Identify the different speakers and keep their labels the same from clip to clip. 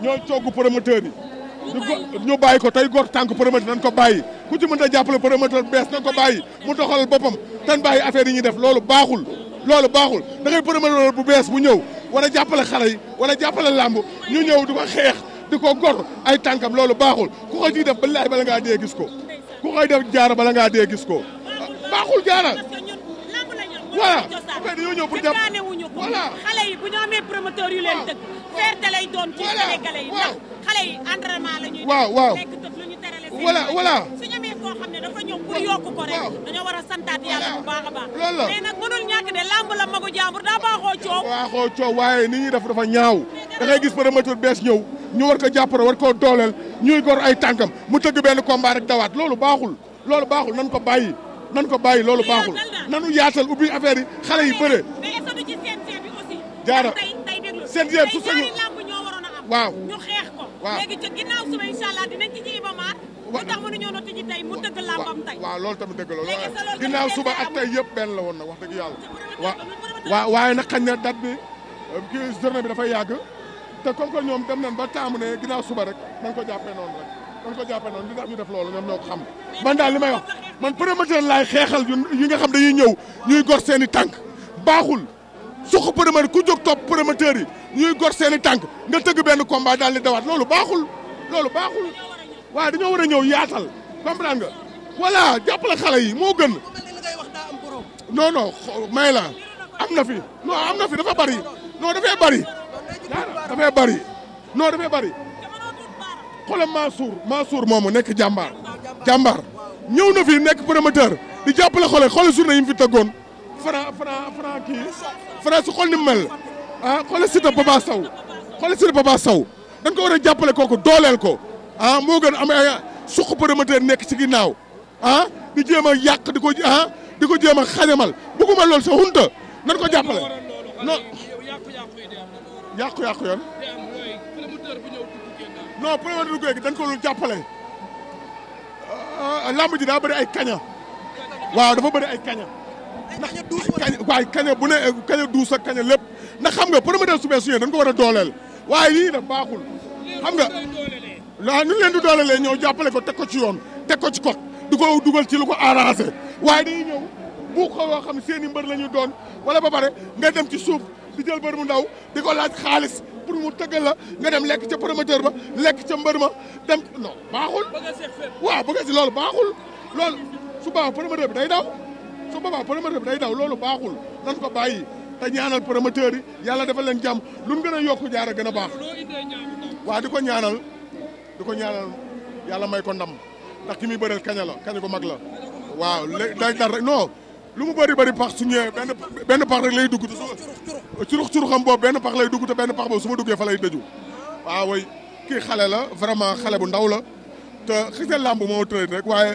Speaker 1: ñoo cogg promoteur yi. ñu bàyyi ko tey gor tànk promoteur nañ ko bàyyi ku ci mën a jàppale promoteur bees nañ ko bàyyi mu doxal boppam tan bàyyi affaire yi ñuy def loolu baaxul. loolu baaxul da ngay promoteur bu bees bu ñëw war a jàppale xale yi war a jàppale làmb ñu ñëw di ko xeex di ko gor ay tànkam loolu baaxul ku ko ciy def balaay bala ngaa dee gis ko ku koy def jaara bala ngaa dee gis ko baaxul jaara. voilà bu fekkee dañoo ñëw pour jàpp voilà xale yi bu ñu amee promoteur faire da lay doon ci sénégalais la ñuy a a baax loolu la mais nag dafa dafa ñaaw gis promoteur bees ñëw ñu war ko jàppale war koo mu tëgg benn combat rek loolu baaxul loolu baaxul nan ko bàyyi nan ko bàyyi loolu baaxul nanu yaatal ubbi affaire yi xale yi bëre jaara seen yéen su sañu waaw ñu xeex ko waaw léegi ca ginnaaw suba incha allah dinañ ak tey yëpp benn la woon nag wax dëgg yàlla waaw waaye nag xañ na date bi euh, bi dafay yàgg te kon ñoom dem nañ ba taamu ne ginnaaw suba rek nañ ko jàppee noonu rek nañ ko jàppee noonu li ñu loolu ñoom ñoo ko xam man daal li may wax man promoteur laay xeexal yu nga xam dañuy ñëw ñuy gor seen tànk baaxul suq promoteur ku jóg topp promoteur yi ñuy gor seen i nga tëgg benn combat daal di dawaat loolu baaxul loolu baaxul waaye dañoo war a ñëw yaatal comprendre nga voilà jàppale xale yi moo gën. non non may la am nafi fi non am na fi dafa bari non dafay bari dafay bari non dafay bari xoolal Mansour Mansour moomu nekk jàmbaar jàmbaar ñëw na fi nekk promoteur di jàppale xoole xoole journée yi mu fi tëggoon. Franc Franc Franc kii Franc su xool ni mel ah xoolal Siteu Papa Sow xoolal Siteu Papa Sow dañ ko war a jàppale kooku dooleel ko ah moo gën am ay suq promoteur nekk ci ginnaaw ah di jéem a yàq di ko ah di ko jéem a xajamal bëgguma loolu sa hunta nan ko jàppale non yàqu-yàqu yoon non promoteur dugg dañ ko lu jàppale ah, lamb ji daa bëri ay kaña waaw dafa bëri ay kaña ndax ña douze waay kaña bu ne kaña douze kaña lépp ndax xam nga promoteur su bees yi dañ ko war a dooleel waaye lii nag baaxul xam nga waaw nu leen di doolelee ñëw jàppale ko teg ko ci yoon teg ko ci kot du ko dugal ci lu ko arrangé waaye dañuy ñëw bu ko yoo xam seen i mbër la ñu doon wala ba pare nga dem ci suuf di jël mbër mu ndaw di ko laaj xaalis pour mu tëggal la nga dem lekk ca promoteur ba lekk ca mbër ma dem no baaxul waaw bëgg si lool baaxul lool su baax promoteur bi day daw su boobaa promoteur bi day daw loolu baaxul nan ko bàyyi te ñaanal promoteur yi yàlla dafa leen jàmm lu gën a yokk jaara gën a baax waa di ko ñaanal di ko ñaanal yàlla may ko ndam ndax ki muy bëreel kaña la kaña ko mag la waaw day dar rek non lu mu bëri bëri pax su ñëwee benn benn pax rek lay dugg te curux curuxam boobu benn pax lay dugg te benn pax boobu su ma duggee fa lay dëju waaw way kii xale la vraiment xale bu ndaw la te xisal lamb moo tëdd rek waaye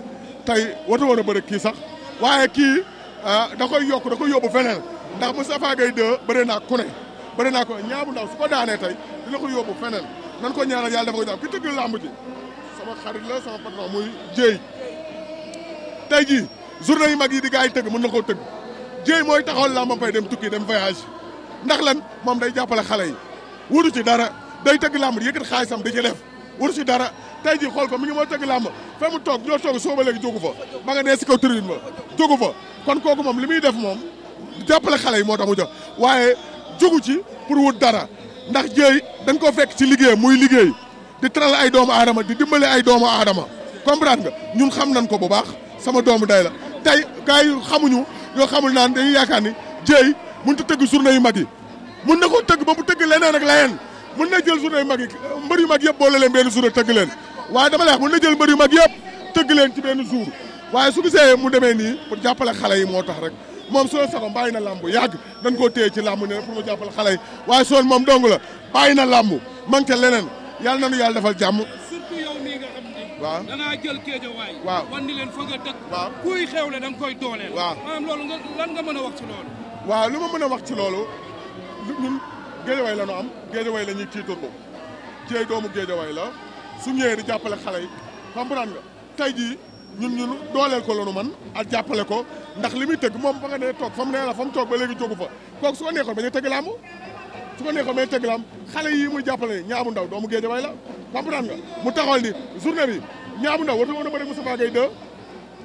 Speaker 1: tey wata woon kii sax waaye kii ah, da koy yokk da koy yóbbu feneen ndax Moustapha Gueye 2 bëri naa ku ne naa ko ñaabu ndaw su ko daanee tey dina ko yóbbu feneen nan ko ñaanal yàlla dafa koy daaw ki tëgg làmb ji sama xarit la sama patron muy Dieye tey jii journée yu mag yi di gars yi tëgg mën na koo tëgg Dieye mooy taxawal làmbam fay dem tukki dem voyage ndax lan moom day jàppale xale yi wutu ci dara day tëgg làmb di yëkkat sam di ci def wutu ci dara tey jii xool ko mi ngi moo tëgg làmb fa mu toog ñoo toog soo ba léegi jógu fa ba si kaw tribune ba jógu fa kon kooku moom li muy def moom jàppale xale yi moo tax mu waaye jógu ci pour wut dara ndax jéey dañ ko fekk ci liggéey muy liggéey di teral ay doomu aadama di dimbale ay doomu aadama comprendre nga ñun xam nañ ko bu baax sama doomu day la tey gars xamuñu yoo xamul naan dañuy yaakaar ni jéey mënut a tëgg journée yu mag yi mun na ko tëgg ba mu tëgg leneen ak leneen mun na jël journée yu mag yi yu mag yëpp boole leen benn journée tëgg leen waaye dama lay wax mën na jël mbër yu mag yëpp tëgg leen ci benn jour waaye su see mu demee nii pour jàppale xale yi moo tax rek moom soo sago bàyyi na làmb yàgg dañ koo téye ci làmb ne pour mu jàppale xale yi waaye soon moom dong la bàyyi na làmb man ca leneen yàlla na nu yàlla defal jàmm. surtout yow mii nga xam ne. waaw danaa jël Géejawaay. waaw wan ni leen fa nga dëkk. waaw kuy xewle da nga koy dooleel. waaw maanaam loolu lan nga mën a wax ci loolu. waa lu ma mën a wax ci loolu ñun Géejawaay la ñu am Géejawaay la ñuy tiitaroo cee doomu Géejawaay la su ñëwee di jàppale xale yi comprendre nga tey jii ñun ñun dooleel ko man ak jàppale ko ndax li muy tëgg moom ba nga nee toog fa mu nee la fa mu toog ba léegi jógu fa kooku su ko neexoon ba ñu su ko neexoon ba ñu tëgg làmb xale yi muy jàppale ñaamu ndaw doomu géej way la comprendre nga mu taxawal ni journée bi ñaamu ndaw warta woon a bëri Moustapha Gueye mu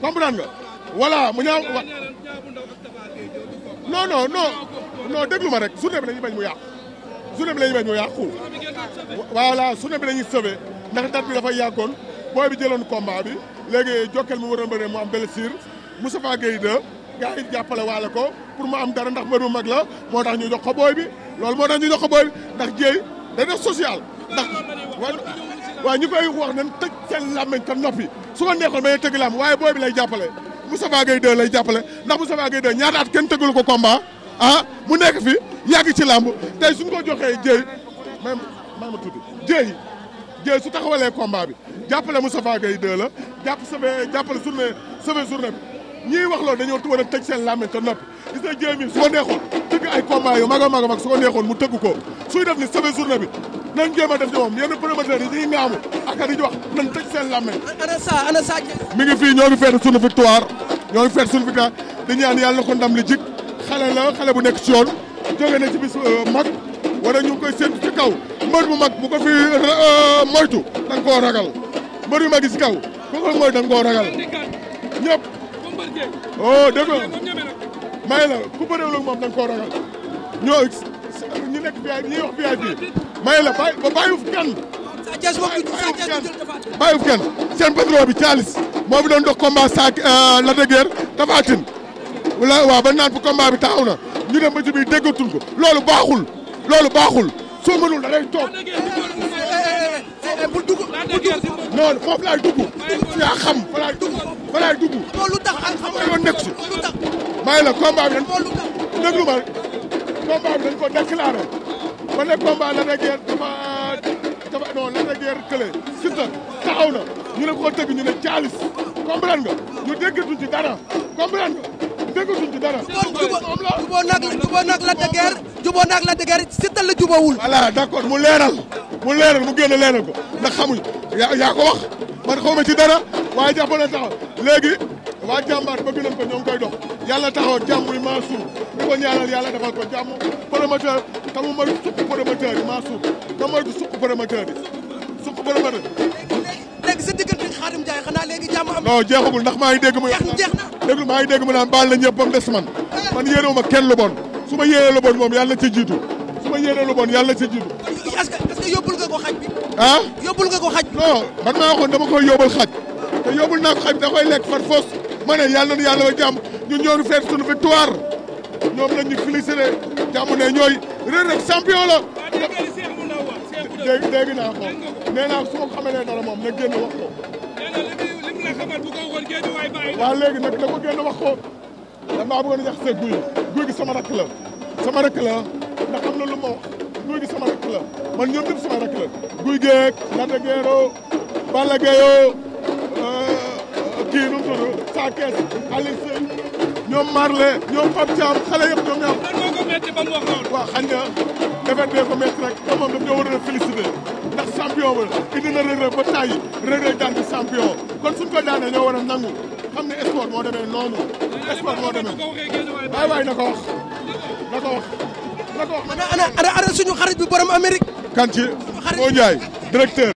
Speaker 1: ñaaw non non non non déglu ma rek journée bi la bañ mu yàqu journée bi la ñuy bañ mu yàqu voilà journée bi la ñuy ndax date bi dafa yàggoon booy bi jëloon combat bi léegi Jokal mu war a mbëre mu am blessure Moustapha Gueye de gars yi jàppale waale ko pour mu am dara ndax mbëru mag la moo tax ñu jox ko booy bi loolu moo tax ñu jox ko booy bi ndax jéey day def social ndax waaw ñu koy wax nañ tëj seen làmmiñ te noppi su ma neexoon ma ne tëgg làmb waaye booy bi lay jàppale Moustapha Gueye 2 lay jàppale ndax Moustapha Gueye 2 ñaata at kenn tëggul ko combat ah mu nekk fi yàgg ci làmb tey suñ ko joxee jéey ma ma ma tudd jéey Dieye su taxawalee combat bi jàppale Moustapha Gueye 2 la jàpp sauvé jàppale journée sauvé journée bi ñiy wax loolu dañoo war a tëj seen làmmiñ te noppi gis nga Dieye su ko neexoon tëgg ay combat yu mag a mag a mag su ko neexoon mu tëgg ko suy def ni sauvé journée bi nañ jéem a def ñoom yenn promoteurs yi ñuy ŋaamu ak di wax nañ tëj seen làmmiñ. mi ngi fii ñoo ngi feet suñu victoire ñoo ngi feet suñu victoire di ñaan yàlla na ndam li jik bu nekk ci wala ñu ngi koy séntu ci kaw mbër bu mag bu ko fi euh, moytu da nga koo ragal mbër yu mag kaw ko moytu da nga koo ragal ñëpp. oh dégg may la ku bëree lu moom da nga koo ragal ñoo ñu nekk VIP ñuy wax VIP may la bàyyi ba bàyyiwuf kenn. bàyyiwuf kenn seen patron bi Thialis moo fi doon dox combat saak euh, la de guerre Tapha Tine ba naan bu combat bi ñu dem ba ci biir déggatul ko loolu baaxul. loolu baaxul soo mënul da lay toog. bu dugg bu dugg noonu foofu laay dugg yaa xam fa laay dugg fa laay dugg. loolu tax ak xam nga yoon may la combat bi dañ déglu ma combat bi dañ ko déclaré ba ne combat la de guerre dama dama non de guerre clé Siteu taxaw na ñu ne koo tëgg ñu ne caalis comprendre nga ñu déggatuñ ci dara comprendre nga. déggatuñ ci dara. juboo nag la de guerre juboo nag la de guerre Siteu la jubawul. voilà d'accord mu leeral mu leeral mu génn leeral ko ndax xamuñ yaa ko wax man xawma ci dara waaye jàpp na taxaw léegi waa jàmbaar bëgg nañ ko ñoo ngi koy dox yàlla taxaw jàmm yi Mansour di ko ñaanal yàlla defal ko jàmm promoteur tamu mooy sukk promoteur yi Mansour te mooy du sukk promoteur yi sukk promoteur Khadim Ndiaye ndax maa ngi dégg mu. na déglu maa ngi dégg mu naan baal na ñëpp ba man. Eh. man yéenewuma kenn lu su ma yéene lu moom yàlla ci jiitu su ma yéene lu bon yàlla ci jiitu. que yóbbul nga ko xaj bi. ah yóbbul nga ko xaj bi. non man maa waxoon dama koy yóbbul xaj te yóbbul naa ko xaj bi da koy lekk far foos ma ne yàlla na yàlla ba jàmm ñun ñoo ngi feet suñu victoire ñoom lañ ñu félicité ne ñooy Reug Reug champion la. naa ko nee naa su ma xamalee dara waaw léegi nag da ko génn wax ko damaa bëggoon yàq see guy guy gi sama rakk la lu ma wax guy gi sama rakk la man ñoom ñëpp sama rakk la guy geeg Lada Guèyeau Balla Guèyeau euh, kii nu mu tudd saa kees Aliou Seye ñoom Marley ñoom Pape Thiam xale yëpp ñoom ñaar. man ko métti ba mu wax noonu. waaw xañ na defet bee rek te moom daf ñoo war a champion ba indi na Reug Reug ba tàyyi Reug Reug daan di champion kon suñ ko daanee ñoo war a nangu xam ne sport moo demee noonu sport moo demee waay waay na ko wax na ko ana ana suñu xarit bi borom Amérique kan ci moo